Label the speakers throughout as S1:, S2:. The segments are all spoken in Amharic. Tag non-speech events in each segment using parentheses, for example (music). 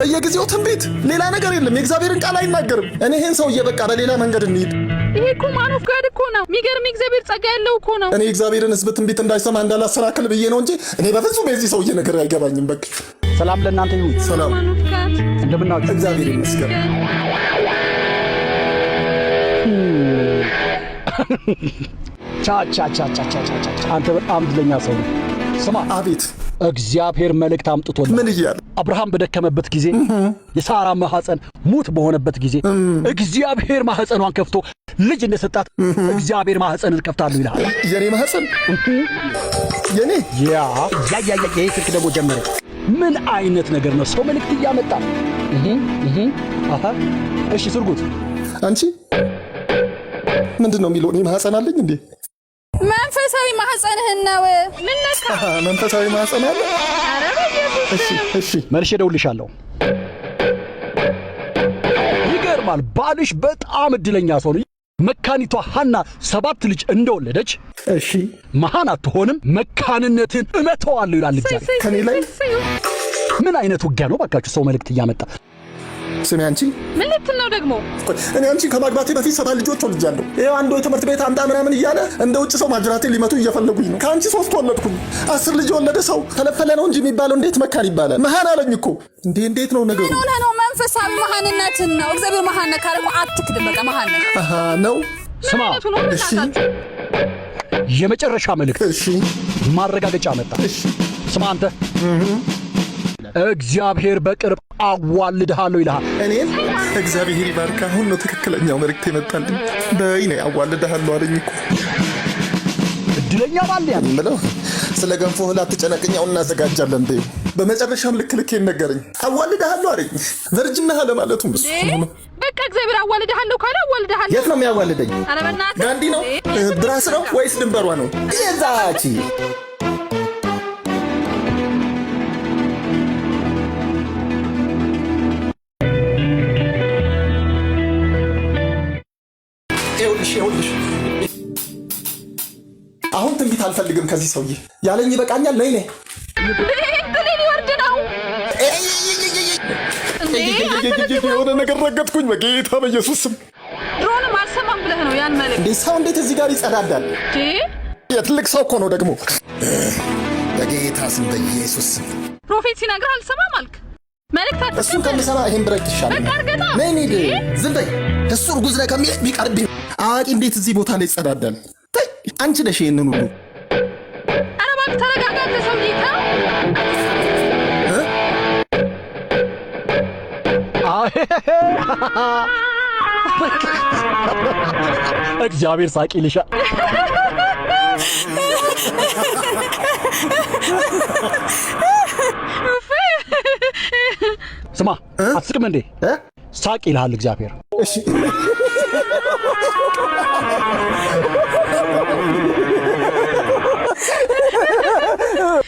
S1: በየጊዜው ትንቢት፣ ሌላ ነገር የለም። የእግዚአብሔርን ቃል አይናገርም። እኔ ይህን ሰውዬ በቃ በሌላ መንገድ እንሄድ።
S2: ይሄ እኮ ማን ኦፍ ጋድ እኮ ነው። የሚገርም የእግዚአብሔር ጸጋ ያለው እኮ ነው።
S1: እኔ የእግዚአብሔርን ሕዝብ ትንቢት እንዳይሰማ እንዳላሰናክል ብዬ ነው እንጂ እኔ በፍጹም የዚህ ሰውዬ ነገር አይገባኝም። በቃ
S3: ሰላም ለእናንተ ይሁን። ሰላም እንደምናችሁ፣
S1: እግዚአብሔር ይመስገን።
S3: ቻቻቻቻቻቻቻ አንተ በጣም ድለኛ ሰው። ስማ፣ አቤት። እግዚአብሔር መልእክት አምጥቶ ምን እያለ አብርሃም በደከመበት ጊዜ፣ የሳራ ማህፀን ሙት በሆነበት ጊዜ እግዚአብሔር ማህፀኗን ከፍቶ ልጅ እንደሰጣት እግዚአብሔር ማህፀንን ከፍታሉ ይላል
S1: የኔ ማህፀን የኔ
S3: ያ ያ ያ ስልክ ደግሞ ጀመረ። ምን አይነት ነገር ነው? ሰው መልእክት እያመጣ እሺ፣ ስርጉት
S1: አንቺ ምንድን ነው የሚለው? እኔ ማህፀን አለኝ እንዴ?
S2: መንፈሳዊ ማህፀንህን ነው። ምን ነካ?
S1: መንፈሳዊ ማህፀን አለ እሺ፣ እሺ፣
S3: መልሼ እደውልልሻለሁ። ይገርማል። ባልሽ በጣም እድለኛ ሰው ነው። መካኒቷ ሀና ሰባት ልጅ እንደወለደች፣ እሺ፣ መሀን አትሆንም፣ መካንነትን እመተዋለሁ ይላል
S2: ከኔ
S1: ላይ
S3: ምን አይነት ውጊያ ነው ባካችሁ! ሰው መልእክት እያመጣ
S1: ስሜ አንቺ
S2: ምን ልትል ነው ደግሞ?
S1: እኔ አንቺ ከማግባቴ በፊት ሰባት ልጆች ወልጃለሁ። ይኸው አንዱ የትምህርት ቤት አንዳ ምናምን እያለ እንደ ውጭ ሰው ማጅራቴ ሊመቱ እየፈለጉኝ ነው። ከአንቺ ሶስት ወለድኩኝ። አስር ልጅ የወለደ ሰው ተለፈለ ነው እንጂ የሚባለው እንዴት መካን ይባላል? መሀን አለኝ እኮ እንዴ! እንዴት ነው ነገሩ?
S2: ሆነ ነው መንፈሳዊ መሀንነትን ነው። እግዚአብሔር መሀን ካለ አትክድ። በቃ መሀን
S1: ነው። ስማ እሺ፣ የመጨረሻ መልእክት
S3: ማረጋገጫ መጣ። ስማ አንተ እግዚአብሔር በቅርብ አዋልድሃለሁ ይልሃል።
S1: እኔም እግዚአብሔር ይባርክ። አሁን ነው ትክክለኛው መልእክት የመጣልኝ። በይ ነው አዋልድሃለሁ አለኝ እኮ
S3: እድለኛ ባል ያ
S1: ያምለው ስለ ገንፎ እህል አትጨነቅኝ፣ እናዘጋጃለን። በይ በመጨረሻም ልክ ልክ ነገረኝ። አዋልድሃለሁ አለኝ። ቨርጅና ለማለቱ
S2: ምስ በቃ እግዚአብሔር አዋልድሃለሁ ካለ አዋልድሃለሁ።
S3: የት ነው የሚያዋልደኝ? ጋንዲ ነው ብራስ ነው ወይስ ድንበሯ ነው? ዛቺ
S1: ይኸውልሽ አሁን ትንቢት አልፈልግም ከዚህ ሰውዬ ያለኝ ይበቃኛል። ነይ ነይ ወርድ የሆነ ነገር ረገጥኩኝ። በጌታ በኢየሱስ ስም
S2: ድሮንም አልሰማም ብለህ ነው ያን መልክ።
S3: እንዴ ሰው እንዴት እዚህ ጋር ይጸዳዳል? የትልቅ ሰው እኮ ነው ደግሞ።
S1: በጌታ ስም በኢየሱስ ስም
S2: ፕሮፌት ሲነግር አልሰማም አልክ። መልእክት
S3: እሱን ከምሰማ ይሄን ብረት ይሻል። ዝም በይ እሱ እርጉዝ ነው ከሚል ቢቀርብ አዋቂ እንዴት እዚህ ቦታ ላይ ይጸዳዳል? አንቺ ነሽ ይህንን ሁሉ እግዚአብሔር ሳቂ ልሻ ስማ፣ አትስቅም እንዴ? ሳቅ ይልሃል እግዚአብሔር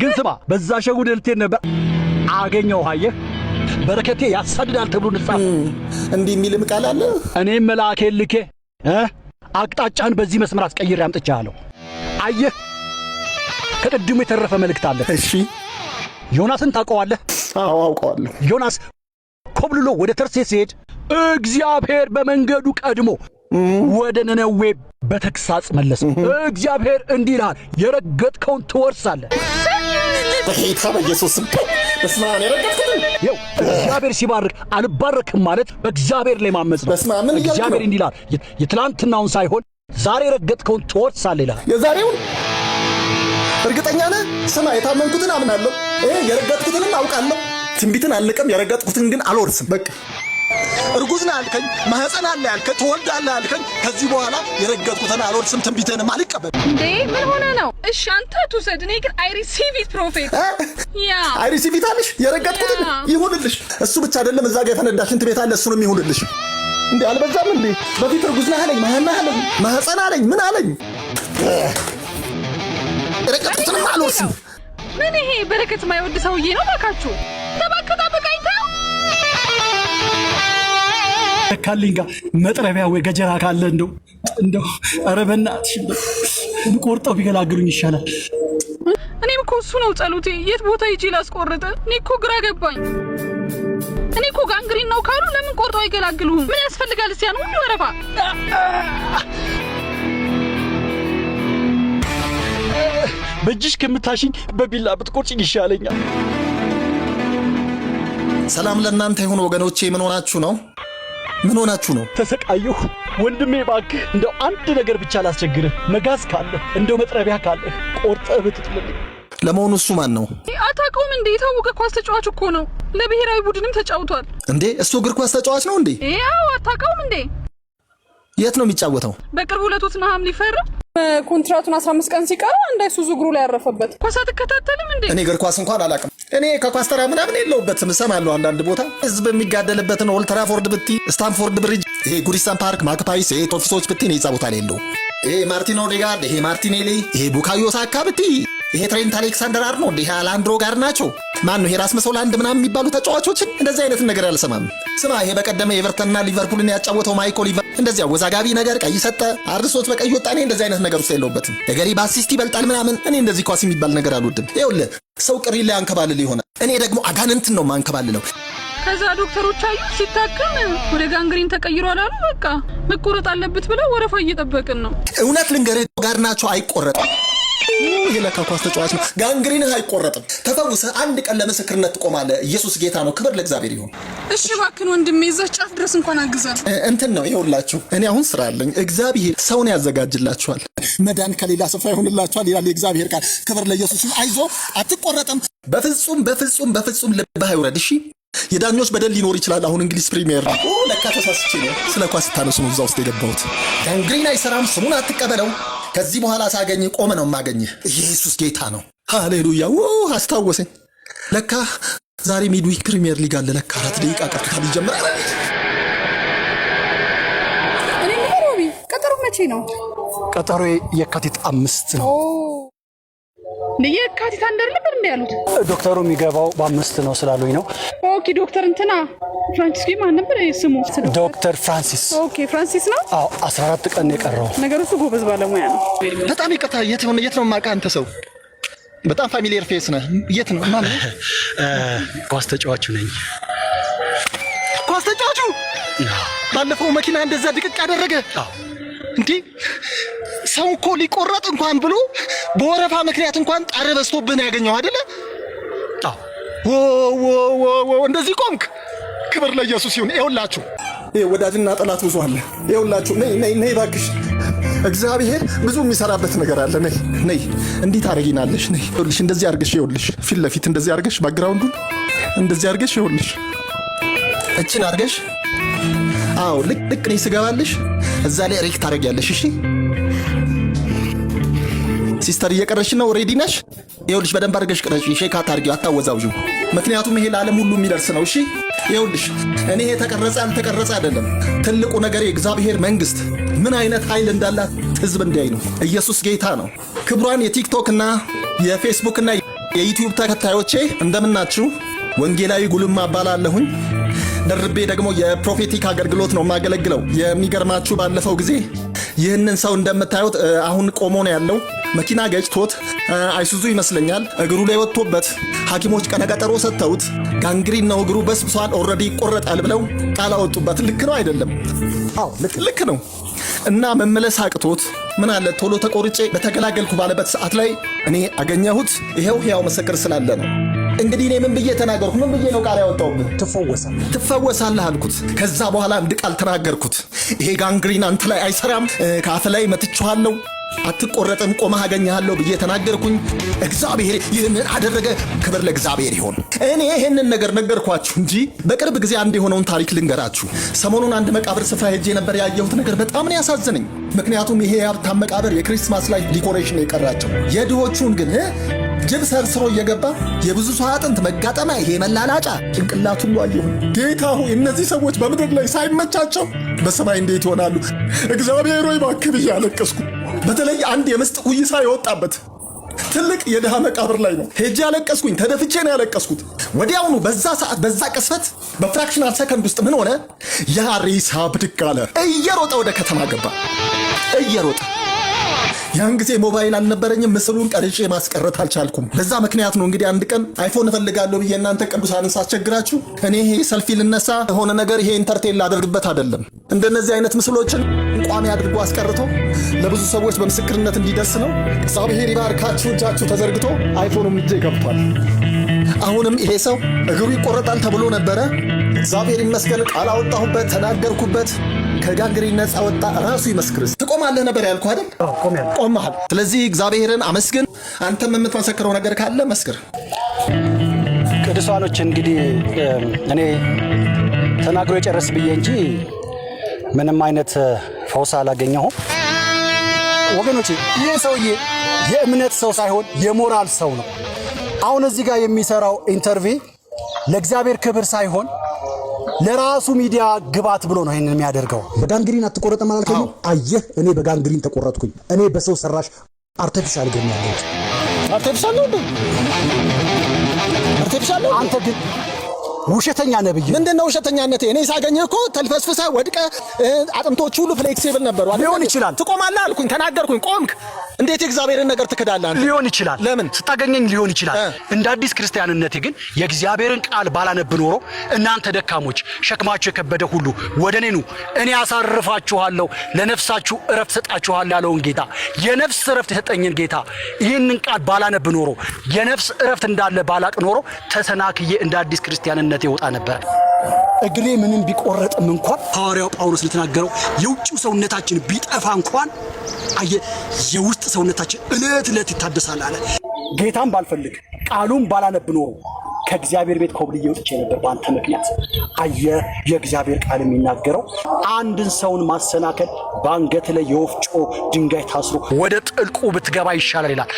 S3: ግን ስማ፣ በዛ ሸጉድ እልቴን ነበር አገኘው። አየህ በረከቴ ያሳድዳል ተብሎ
S1: ንጻ እንዲህ የሚልም ቃል አለ።
S3: እኔም መልአኬን ልኬ አቅጣጫን በዚህ መስመር አስቀይሬ አምጥቻለሁ። አየህ ከቅድሙ የተረፈ መልእክት አለ። እሺ ዮናስን ታውቀዋለህ?
S1: አዎ አውቀዋለሁ።
S3: ዮናስ ኮብልሎ ወደ ተርሴ ሲሄድ እግዚአብሔር በመንገዱ ቀድሞ ወደ ነነዌ በተግሳጽ መለሰ። እግዚአብሔር እንዲህ ይልሃል፣ የረገጥከውን ትወርሳለህ።
S1: በጌታ በኢየሱስ በስማን የረገጥከውን
S3: ይኸው እግዚአብሔር ሲባርክ አልባረክም ማለት በእግዚአብሔር ላይ ማመፅ ነው። እግዚአብሔር እንዲህ ይልሃል፣ የትላንትናውን ሳይሆን ዛሬ የረገጥከውን ትወርሳለህ ይልሃል።
S1: የዛሬውን እርግጠኛ ነህ? ስማ፣ የታመንኩትን አምናለሁ፣ የረገጥኩትንም አውቃለሁ ትንቢትን አልንቅም፣ የረገጥኩትን ግን አልወርስም። በቃ እርጉዝ ነህ አልከኝ፣ ማህፀን አለ ያልከኝ፣ ትወልዳለህ አልከኝ። ከዚህ በኋላ የረገጥኩትን አልወርስም፣ ትንቢትንም አልቀበልም።
S2: እንዴ ምን ሆነ ነው? እሺ አንተ ትውሰድ፣ እኔ ግን አይ ሪሲቭ ኢት ፕሮፌት። ያ
S1: አይ ሪሲቭ ኢት አለሽ። የረገጥኩትን ይሁንልሽ። እሱ ብቻ አይደለም፣ እዛ ጋር የተነዳሽን ትቤት አለ፣ እሱንም ይሁንልሽ። እንዴ አልበዛም እንዴ? በፊት እርጉዝ ነህ አለኝ፣ ማህና አለኝ፣ ማህፀን አለኝ፣ ምን አለኝ። የረገጥኩትንም አልወርስም።
S2: ምን ይሄ በረከት ማይወድ ሰውዬ ነው ባካችሁ።
S3: ከተካልኝ ጋር መጥረቢያ ወይ ገጀራ ካለ እንደው እንደው ኧረ በእናትሽ ቆርጠው ቢገላግሉኝ ይሻላል።
S2: እኔም እኮ እሱ ነው ጸሎቴ። የት ቦታ ሂጂ ላስቆርጥ? እኔ እኮ ግራ ገባኝ። እኔ እኮ ጋንግሪን ነው ካሉ ለምን ቆርጠው አይገላግሉም? ምን ያስፈልጋል? እስያን ሁሉ ወረፋ
S3: በእጅሽ ከምታሽኝ በቢላ ብትቆርጭኝ ይሻለኛል። ሰላም ለእናንተ ይሁን ወገኖቼ። ምን ሆናችሁ ነው? ምን ሆናችሁ ነው?
S1: ተሰቃየሁ ወንድሜ፣ እባክህ እንደው አንድ ነገር ብቻ ላስቸግርህ። መጋዝ ካለ እንደው መጥረቢያ ካለ ቆርጠህ ብትጥልልኝ።
S3: ለመሆኑ እሱ ማን ነው?
S2: አታውቀውም እንዴ? የታወቀ ኳስ ተጫዋች እኮ ነው። ለብሔራዊ ቡድንም ተጫውቷል
S3: እንዴ? እሱ እግር ኳስ ተጫዋች ነው እንዴ?
S2: ያው አታውቀውም እንዴ?
S3: የት ነው የሚጫወተው?
S2: በቅርቡ ለቶትንሃም ሊፈርም ኮንትራቱን አምስት ቀን ሲቀረው አንድ እግሩ ላይ ያረፈበት ኳስ አትከታተልም እንዴ?
S3: እኔ እግር ኳስ እንኳን አላውቅም። እኔ ከኳስተራ ምናምን የለውበትም። እሰማለሁ አንዳንድ ቦታ ህዝብ የሚጋደልበትን ኦልትራፎርድ ብቲ፣ ስታንፎርድ ብሪጅ፣ ይሄ ጉዲሰን ፓርክ፣ ማክፓይስ፣ ይሄ ቶፊሶች ብትይ እኔ እዛ ቦታ ላይ ይሄ ማርቲን ኦዴጋርድ፣ ይሄ ማርቲኔሊ፣ ይሄ ቡካዮ ሳካ ይሄ ትሬንት አሌክሳንደር አርኖልድ፣ እንዲህ አላንድሮ ጋር ናቸው ማን ነው ይሄ መሰው ሆላንድ ምናም የሚባሉ ተጫዋቾችን እንደዚህ አይነት ነገር አልሰማም። ስማ ይሄ በቀደመ ኤቨርተንና ሊቨርፑልን ያጫወተው ማይኮል ኢቫን እንደዚህ አወዛጋቢ ነገር ቀይ ሰጠ፣ አርሶት በቀይ ወጣ። እኔ እንደዚህ አይነት ነገር ውስጥ የለውበትም። እገሌ በአሲስት ይበልጣል ምናምን፣ እኔ እንደዚህ ኳስ የሚባል ነገር አልወድም። ይኸውልህ ሰው ቅሪ ላይ አንከባልል ይሆነ እኔ ደግሞ አጋንንትን ነው ማንከባልለው።
S2: ከዛ ዶክተሮች አዩ ሲታከም ወደ ጋንግሪን ተቀይሯል አሉ። በቃ መቆረጥ አለበት ብለው ወረፋ እየጠበቅን ነው።
S3: እውነት ልንገር ጋር ናቸው አይቆረጥም ይህ ለካ ኳስ ተጫዋች ነው። ጋንግሪንህ አይቆረጥም። ተፈውሰህ አንድ ቀን ለምስክርነት ትቆማለህ። ኢየሱስ ጌታ ነው። ክብር ለእግዚአብሔር ይሁን።
S2: እሺ እባክህን ወንድሜ ይዘህ ጫፍ ድረስ እንኳን አግዛል።
S1: እንትን ነው ይኸውላችሁ፣ እኔ አሁን ስራ አለኝ። እግዚአብሔር ሰውን ያዘጋጅላችኋል።
S3: መዳን ከሌላ ስፍራ ይሆንላችኋል ይላል የእግዚአብሔር ቃል። ክብር ለኢየሱስ አይዞ አትቆረጥም። በፍጹም በፍጹም በፍጹም ልብህ አይውረድ። እሺ የዳኞች በደል ሊኖር ይችላል። አሁን እንግሊዝ ፕሪሚየር ነው። ለካ ተሳስቼ ነው። ስለ ኳስ ስታነሱ ነው እዛ ውስጥ የገባሁት። ጋንግሪን አይሰራም። ስሙን አትቀበለው። ከዚህ በኋላ ሳገኝ ቆመ ነው የማገኘ። ኢየሱስ ጌታ ነው። ሃሌሉያ! ው አስታወሰኝ። ለካ ዛሬ ሚድዊክ ፕሪሚየር ሊግ አለ። ለካ አራት ደቂቃ ቀርቶታል ይጀምራል።
S2: እኔ ቀጠሮ መቼ ነው?
S3: ቀጠሮ የካቲት አምስት ነው።
S2: የካቲት አንድ ነበር እንደ ያሉት
S3: ዶክተሩ የሚገባው በአምስት ነው ስላሉኝ ነው።
S2: ኦኬ ዶክተር እንትና ፍራንሲስ ማን ነበር ስሙ?
S3: ዶክተር ፍራንሲስ።
S2: ኦኬ ፍራንሲስ ነው።
S3: አዎ 14 ቀን የቀረው
S2: ነገር እሱ ጎበዝ ባለሙያ ነው።
S3: በጣም ይቅርታ፣ የት ነው የት ነው የማውቅህ አንተ ሰው በጣም ፋሚሊየር ፌስ ነህ። የት ነው ማን? (laughs) ኳስ ተጫዋቹ ነኝ። ኳስ ተጫዋቹ ባለፈው መኪና እንደዛ ድቅቅ ያደረገ እንዴ! ሰው እኮ ሊቆረጥ እንኳን ብሎ በወረፋ ምክንያት እንኳን ጣር በስቶብን ያገኘው አይደለ? እንደዚህ ቆምክ። ክብር ለኢየሱስ ይሁን። ይኸውላችሁ ወዳጅና ጠላት ብዙ አለ። ይኸውላችሁ ነይ ነይ ነይ እባክሽ፣ እግዚአብሔር ብዙ የሚሰራበት ነገር አለ። ነይ ነይ፣ እንዴት አረጊናለሽ? ነይ ይኸውልሽ፣ እንደዚህ አርገሽ ይኸውልሽ፣ ፊት ለፊት እንደዚህ አርገሽ፣ ባክግራውንዱ እንደዚህ አርገሽ ይኸውልሽ፣ እችን አርገሽ፣ አዎ ልቅ ልቅ ስገባልሽ እዛ ላይ ሬክ ታደርጊያለሽ። እሺ ሲስተር እየቀረሽ ነው። ሬዲ ነሽ? ይኸውልሽ በደንብ አድርገሽ ቅረሽ፣ ሼክ አታርጊ፣ አታወዛውዥው። ምክንያቱም ይሄ ለዓለም ሁሉ የሚደርስ ነው። እሺ ይኸውልሽ እኔ የተቀረጸ አልተቀረጸ አይደለም። ትልቁ ነገር የእግዚአብሔር መንግስት ምን አይነት ኃይል እንዳላት ህዝብ እንዲያይ ነው። ኢየሱስ ጌታ ነው። ክብሯን የቲክቶክ እና የፌስቡክ እና የዩቲዩብ ተከታዮቼ እንደምናችሁ። ወንጌላዊ ጉልማ እባላለሁኝ። ደርቤ ደግሞ የፕሮፌቲክ አገልግሎት ነው የማገለግለው። የሚገርማችሁ ባለፈው ጊዜ ይህንን ሰው እንደምታዩት አሁን ቆሞ ነው ያለው። መኪና ገጭቶት አይሱዙ ይመስለኛል እግሩ ላይ ወጥቶበት ሐኪሞች ቀነቀጠሮ ሰጥተውት ጋንግሪን ነው እግሩ በስብሷል፣ ኦልሬዲ ይቆረጣል ብለው ቃል አወጡበት። ልክ ነው አይደለም? አዎ ልክ ነው። እና መመለስ አቅቶት ምን አለ ቶሎ ተቆርጬ በተገላገልኩ ባለበት ሰዓት ላይ እኔ አገኘሁት። ይኸው ሕያው ምስክር ስላለ ነው። እንግዲህ እኔ ምን ብዬ ተናገርኩ? ምን ብዬ ነው ቃል ያወጣሁብህ?
S1: ትፈወሳለህ
S3: ትፈወሳለህ አልኩት። ከዛ በኋላ አንድ ቃል ተናገርኩት። ይሄ ጋንግሪን አንተ ላይ አይሰራም፣ ከአፍ ላይ መትችኋለሁ፣ አትቆረጥም፣ ቆመህ አገኘሃለሁ ብዬ ተናገርኩኝ። እግዚአብሔር ይህንን አደረገ። ክብር ለእግዚአብሔር ይሆን። እኔ ይህንን ነገር ነገርኳችሁ እንጂ በቅርብ ጊዜ አንድ የሆነውን ታሪክ ልንገራችሁ። ሰሞኑን አንድ መቃብር ስፍራ ሄጄ ነበር። ያየሁት ነገር በጣም ነው ያሳዝነኝ። ምክንያቱም ይሄ የሀብታም መቃብር የክሪስማስ ላይ ዲኮሬሽን የቀራቸው የድሆቹን ግን ጅብ ሰርስሮ እየገባ የብዙ ሰው አጥንት መጋጠሚያ ይሄ መላላጫ ጭንቅላት ሁሉ አየሁ። ጌታ ሆይ እነዚህ ሰዎች በምድር ላይ ሳይመቻቸው በሰማይ እንዴት ይሆናሉ? እግዚአብሔር ሆይ እባክህ ብዬ አለቀስኩ። በተለይ አንድ የምስጥ ጉይሳ የወጣበት ትልቅ የድሃ መቃብር ላይ ነው ሄጄ ያለቀስኩኝ። ተደፍቼ ነው ያለቀስኩት። ወዲያውኑ በዛ ሰዓት በዛ ቅስፈት በፍራክሽናል ሰከንድ ውስጥ ምን ሆነ? ያ ሬሳ ብድግ አለ። እየሮጠ ወደ ከተማ ገባ እየሮጠ ያን ጊዜ ሞባይል አልነበረኝም። ምስሉን ቀርጬ ማስቀረት አልቻልኩም። በዛ ምክንያት ነው እንግዲህ አንድ ቀን አይፎን እፈልጋለሁ ብዬ እናንተ ቅዱሳንን ሳስቸግራችሁ እኔ ይሄ ሰልፊ ልነሳ የሆነ ነገር ይሄ ኢንተርቴን ላደርግበት አይደለም። እንደነዚህ አይነት ምስሎችን ቋሚ አድርጎ አስቀርቶ ለብዙ ሰዎች በምስክርነት እንዲደርስ ነው። እግዚአብሔር ይባርካችሁ። እጃችሁ ተዘርግቶ አይፎኑም እጄ ገብቷል። አሁንም ይሄ ሰው እግሩ ይቆረጣል ተብሎ ነበረ። እግዚአብሔር ይመስገን ቃል አወጣሁበት፣ ተናገርኩበት፣ ከጋንግሪ ነፃ ወጣ። ራሱ ይመስክርስ። ትቆማለህ ነበር ያልኩ አይደል? ቆመሃል። ስለዚህ እግዚአብሔርን አመስግን። አንተም የምትመሰክረው ነገር ካለ መስክር።
S1: ቅዱሳኖች እንግዲህ እኔ ተናግሮ የጨረስ ብዬ እንጂ ምንም አይነት ፈውስ አላገኘሁም።
S3: ወገኖቼ ይህ ሰውዬ የእምነት ሰው ሳይሆን የሞራል ሰው ነው። አሁን እዚህ ጋር የሚሰራው ኢንተርቪው ለእግዚአብሔር ክብር ሳይሆን ለራሱ ሚዲያ ግባት ብሎ ነው ይህንን የሚያደርገው። በጋንግሪን አትቆረጥም አላልከኝም? አየህ፣ እኔ በጋንግሪን ተቆረጥኩኝ። እኔ በሰው ሰራሽ አርተፊሻል ግን ያለሁት አርተፊሻል ነው። አንተ ግን ውሸተኛ ነብይ ምንድን ነው ውሸተኛነት? እኔ ሳገኝህ እኮ ተልፈስፍሰ ወድቀ አጥንቶች ሁሉ ፍሌክሲብል ነበሩ። ሊሆን ይችላል ትቆማለህ አልኩኝ፣ ተናገርኩኝ፣ ቆምክ። እንዴት የእግዚአብሔርን ነገር ትክዳለህ? ሊሆን ይችላል ለምን
S1: ስታገኘኝ ሊሆን ይችላል። እንደ አዲስ ክርስቲያንነቴ ግን የእግዚአብሔርን ቃል ባላነብ ኖሮ እናንተ ደካሞች፣ ሸክማችሁ የከበደ ሁሉ ወደ እኔ ኑ፣ እኔ አሳርፋችኋለሁ፣ ለነፍሳችሁ እረፍት ሰጣችኋለሁ ያለውን ጌታ የነፍስ እረፍት የሰጠኝን ጌታ ይህንን ቃል ባላነብ ኖሮ የነፍስ እረፍት እንዳለ ባላቅ ኖሮ ተሰናክዬ እንደ አዲስ ክርስቲያንነት ከእምነት የወጣ ነበር።
S3: እግሬ ምንም ቢቆረጥም እንኳን ሐዋርያው ጳውሎስ እንደተናገረው የውጭው ሰውነታችን ቢጠፋ እንኳን አየ የውስጥ ሰውነታችን እለት እለት ይታደሳል አለ። ጌታም ባልፈልግ ቃሉም ባላነብ ኖሮ ከእግዚአብሔር ቤት ኮብልዬ ወጥቼ ነበር በአንተ ምክንያት። አየ የእግዚአብሔር ቃል የሚናገረው አንድን ሰውን ማሰናከል በአንገት ላይ የወፍጮ ድንጋይ ታስሮ ወደ ጥልቁ ብትገባ ይሻላል ይላል።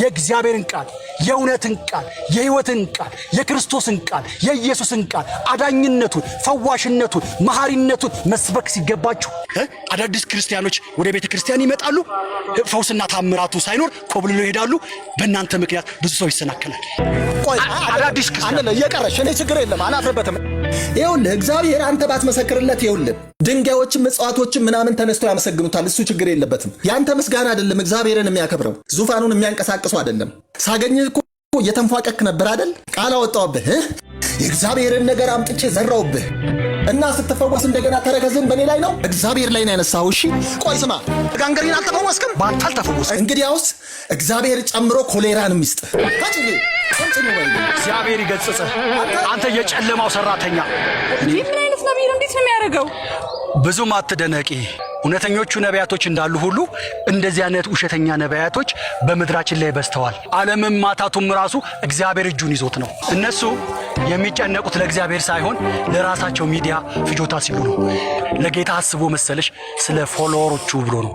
S3: የእግዚአብሔርን ቃል፣ የእውነትን ቃል፣ የህይወትን ቃል፣ የክርስቶስን ቃል፣ የኢየሱስን ቃል፣ አዳኝነቱን፣ ፈዋሽነቱን፣ መሐሪነቱን መስበክ ሲገባችሁ
S1: አዳዲስ ክርስቲያኖች ወደ ቤተ ክርስቲያን ይመጣሉ። ፈውስና ታምራቱ ሳይኖር ኮብልሎ ይሄዳሉ። በእናንተ ምክንያት ብዙ ሰው ይሰናከላል። ፕሊስ
S3: ክርስቲያን እየቀረሽ እኔ ችግር የለም አላፍርበትም። ይኸውልህ እግዚአብሔር አንተ ባትመሰክርለት፣ ይኸውልህ ድንጋዮችም እጽዋቶችም ምናምን ተነስተው ያመሰግኑታል። እሱ ችግር የለበትም። ያንተ ምስጋና አይደለም እግዚአብሔርን የሚያከብረው ዙፋኑን የሚያንቀሳቅሱ አይደለም። ሳገኝህ እኮ እየተንፏቀክ ነበር አይደል? ቃል አወጣሁብህ። የእግዚአብሔርን ነገር አምጥቼ ዘራውብህ እና ስትፈወስ እንደገና ተረከዝን በእኔ ላይ ነው፣ እግዚአብሔር ላይ ነው ያነሳው። እሺ ቆይ ስማ፣ ጋንገሪን አልተፈወስክም፣
S1: ባታል ተፈወስ።
S3: እንግዲያውስ እግዚአብሔር ጨምሮ ኮሌራንም ይስጥ። ታጭኝ እግዚአብሔር ይገጽጽ። አንተ የጨለማው ሰራተኛ።
S2: ምን አይነት ነቢይ ነው? እንዴት ነው የሚያደርገው?
S3: ብዙም አትደነቂ። እውነተኞቹ ነቢያቶች እንዳሉ ሁሉ እንደዚህ አይነት ውሸተኛ ነቢያቶች በምድራችን ላይ በዝተዋል። ዓለምም ማታቱም ራሱ እግዚአብሔር እጁን ይዞት ነው። እነሱ የሚጨነቁት ለእግዚአብሔር ሳይሆን ለራሳቸው ሚዲያ ፍጆታ ሲሉ ነው። ለጌታ አስቦ መሰለሽ ስለ ፎሎወሮቹ ብሎ ነው።